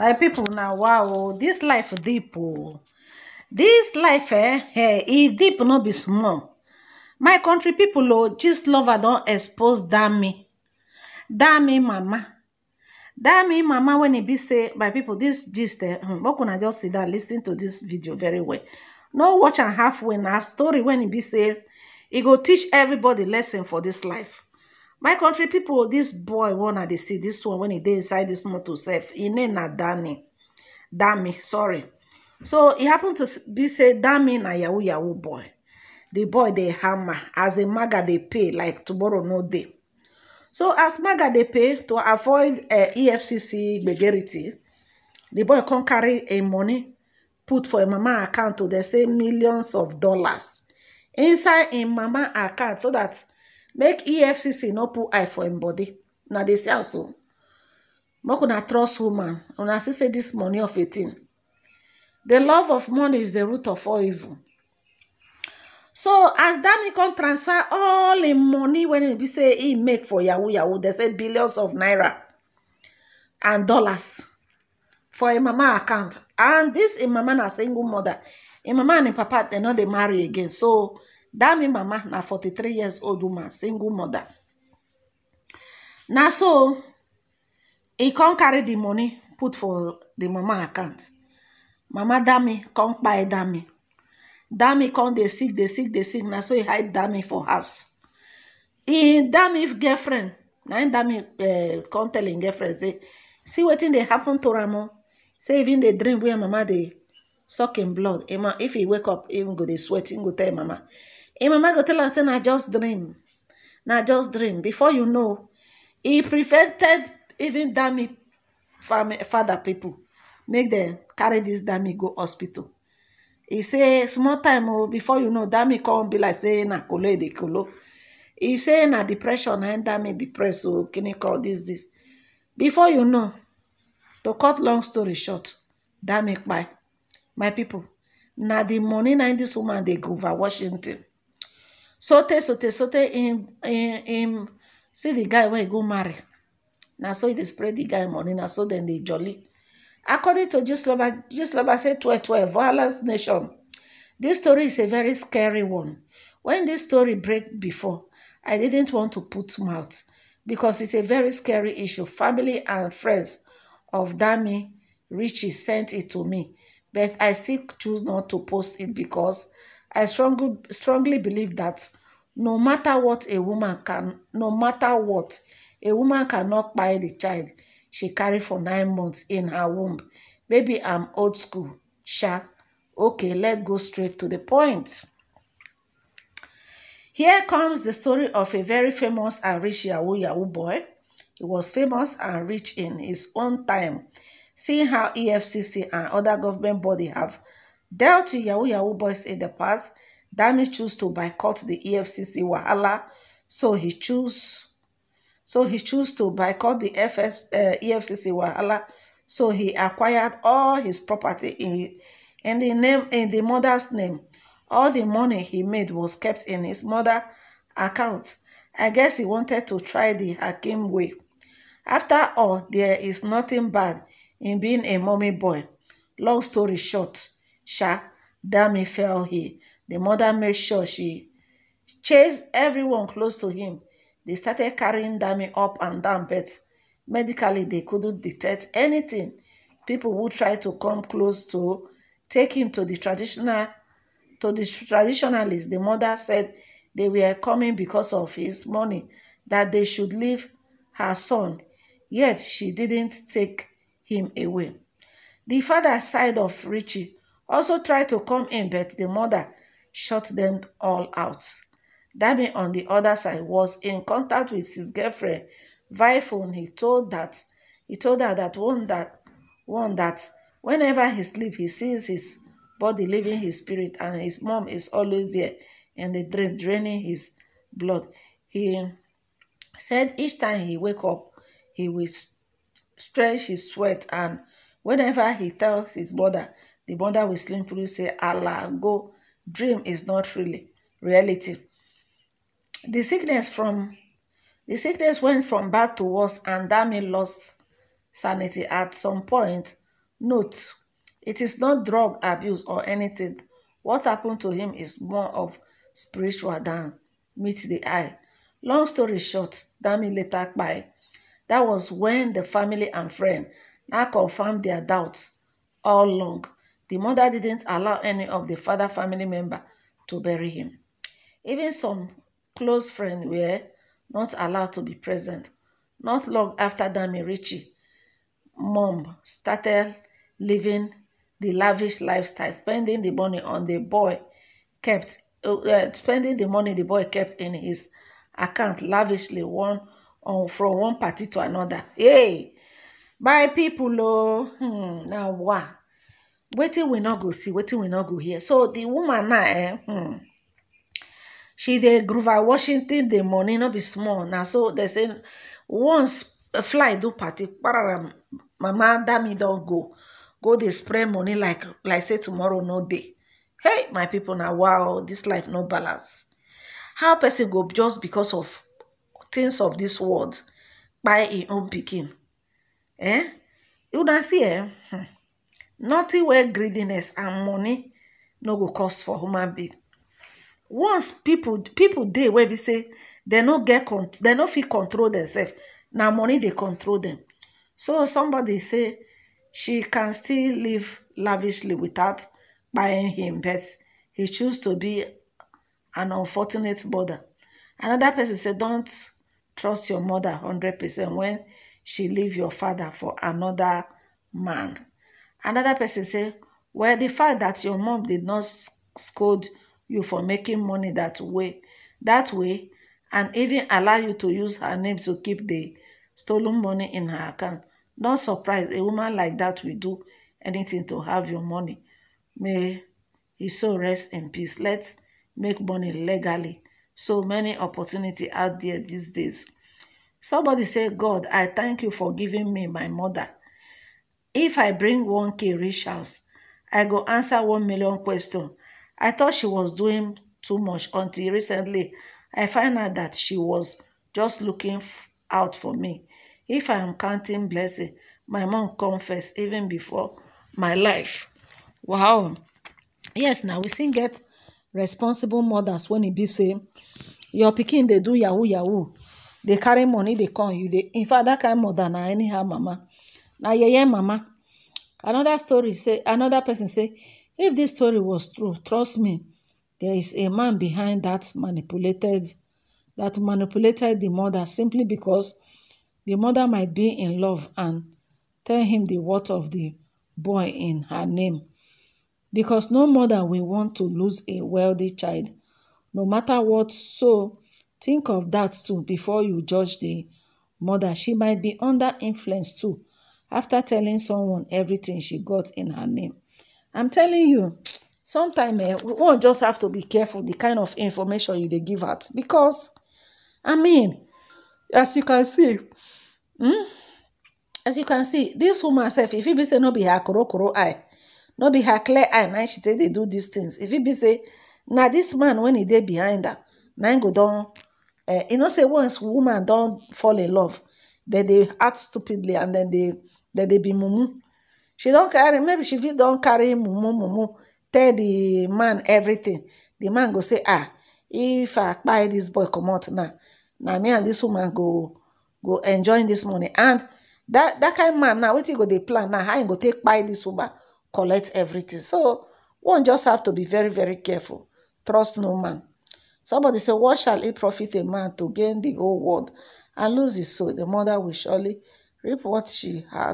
my people now, wow this life deep oh. this life eh, eh e deep no be small my country people o oh, just lover don't expose damn me, damn me, mama damn me, mama when it e be say my people this gist eh hmm, make I just sit down lis to this video very well no watch and halfway Now story when it e be say it e go teach everybody lesson for this life my country people, this boy wanna they see this one when he dey inside this motor self. He name na dami sorry so he happen to be say dami na yahoo yahoo boy The boy they hammer as a maga they pay like tomorrow no day. so as maga they pay to avoid efcc eh, gbegerity the boy can't carry a money put for a mama account to oh, they say millions of dollars inside a mama account so that. make efcc no put eye for im body na dey see am so make una trust woman una see say this money of a the love of money is the root of all evil so as dami can transfer all the money when he say he make for yahoo yahoo they say billions of naira and dollars for a mama account and this a mama na single mother a mama and a papa they no they marry again so dat mean mama na 43 years old woman single mother na so e come carry the money put for the mama account mama dami come kpai dami dami come dey sick dey sick dey sick na so e hide dami for house e dami girlfriend na im dami eh, come tell him girlfriend say see wetin dey happen to am oh. say even dey dream where mama dey suck im blood if he wake up im go dey sweat im go tell mama Hey, mama go tell am say na just dream na just dream before you know e prevented even dami father people make dem carry dis dami go hospital e say small time o oh, before you know dami come be like say na kolo e dey kolo e say na depression na dami depressed o oh, kini call dis dis before you know to cut long story short dami kpai my people. na the money na dis woman dey go over washington Sote sote sotey him see the guy wey go marry na so he dey spray guy money na so dem dey jolly according to gislova say a violence nation this story is a very scary one When this story break before i didn't want to put mouth because its a very scary issue family and friends of dami richie sent it to me but i still choose not to post it because. I strongly, strongly believe that no matter what a woman can, no matter what, a woman cannot buy the child she carried for nine months in her womb. Maybe I'm old school, sha. Okay, let's go straight to the point. Here comes the story of a very famous and rich Yahoo Yahoo boy. He was famous and rich in his own time. Seeing how EFCC and other government body have dealt to Yahoo Yahoo boys in the past, Dami chose to boycott the EFCC Wahala, so he chose so he chose to boycott the FF, uh, EFCC Wahala, so he acquired all his property in, in the name in the mother's name. All the money he made was kept in his mother account. I guess he wanted to try the Hakim way. After all, there is nothing bad in being a mommy boy. Long story short, sha Dami fell here. The mother made sure she chased everyone close to him. They started carrying Dami up and down, but medically they couldn't detect anything. People would try to come close to take him to the traditional to the traditionalists. The mother said they were coming because of his money, that they should leave her son. Yet she didn't take him away. The father side of Richie also tried to come in, but the mother shut them all out. Dami, on the other side, was in contact with his girlfriend via phone. He told that he told her that one that one that whenever he sleeps, he sees his body leaving his spirit, and his mom is always there in the dream, draining his blood. He said each time he wake up, he will stretch his sweat, and whenever he tells his mother, The mother will through say, Allah, go. Dream is not really reality. The sickness from the sickness went from bad to worse, and Dami lost sanity at some point. Note, it is not drug abuse or anything. What happened to him is more of spiritual than meets the eye. Long story short, Dami later by. That was when the family and friend now confirmed their doubts all along. The mother didn't allow any of the father family member to bury him. Even some close friends were not allowed to be present. Not long after Damirichi, Ritchie, mom started living the lavish lifestyle, spending the money on the boy kept uh, uh spending the money the boy kept in his account lavishly one on uh, from one party to another. Hey, bye people, oh, hmm, now what? wetin we no go see wetin we no go hear so the woman na eh hmm she dey groove her washington the money no be small na so they say once fly do party pararam mama dami don go go dey spray money like like say tomorrow no dey hey my people na wow this life no balance how person go just because of things of this world kpai im e own pikin eh you na see eh hmm. nothing where greediness and money no go cause for human being once people people they where be say they no feel control themselves Now money they control them. so somebody say she can still live lavishly without buying him pets. he choose to be an unfortunate mother another person say don't trust your mother 100 percent when she leave your father for another man Another person say, well, the fact that your mom did not scold you for making money that way, that way, and even allow you to use her name to keep the stolen money in her account. Not surprised a woman like that will do anything to have your money. May he so rest in peace. Let's make money legally. So many opportunity out there these days. Somebody say, God, I thank you for giving me my mother. If I bring 1K reach house, I go answer 1 million question. I thought she was doing too much until recently. I find out that she was just looking out for me. If I am counting blessing, my mom confessed even before my life. Wow. Yes, now we still get responsible mothers when it be say your picking dey do yahoo yahoo They carry money they come you They, in fact that kind mother na anyhow mama yeah, yeah, mama another story say another person say if this story was true trust me there is a man behind that manipulated that manipulated the mother simply because the mother might be in love and tell him the worth of the boy in her name because no mother will want to lose a wealthy child no matter what so think of that too before you judge the mother she might be under influence too after telling someone everything she got in her name. I'm telling you, sometimes eh, we won't just have to be careful the kind of information you they give out because, I mean, as you can see, hmm? as you can see, this woman self, if it be say no be her koro koro eye, no be her clear eye, now she say they do these things. If it be say, now this man when he dey behind her, now go down. Eh, you know, say once woman don't fall in love, then they act stupidly and then they dem dey be mumu she not carry maybe she don't carry mumu mumu tell the man everything The man go say ah if i buy this boy out now Now me and this woman go go enjoy this money and that kind man now wetin go the plan now I go take buy this woman collect everything so one just have to be very very careful trust no man somebody say what shall it profit a man to gain the whole world and lose his soul the mother will surely reap what she had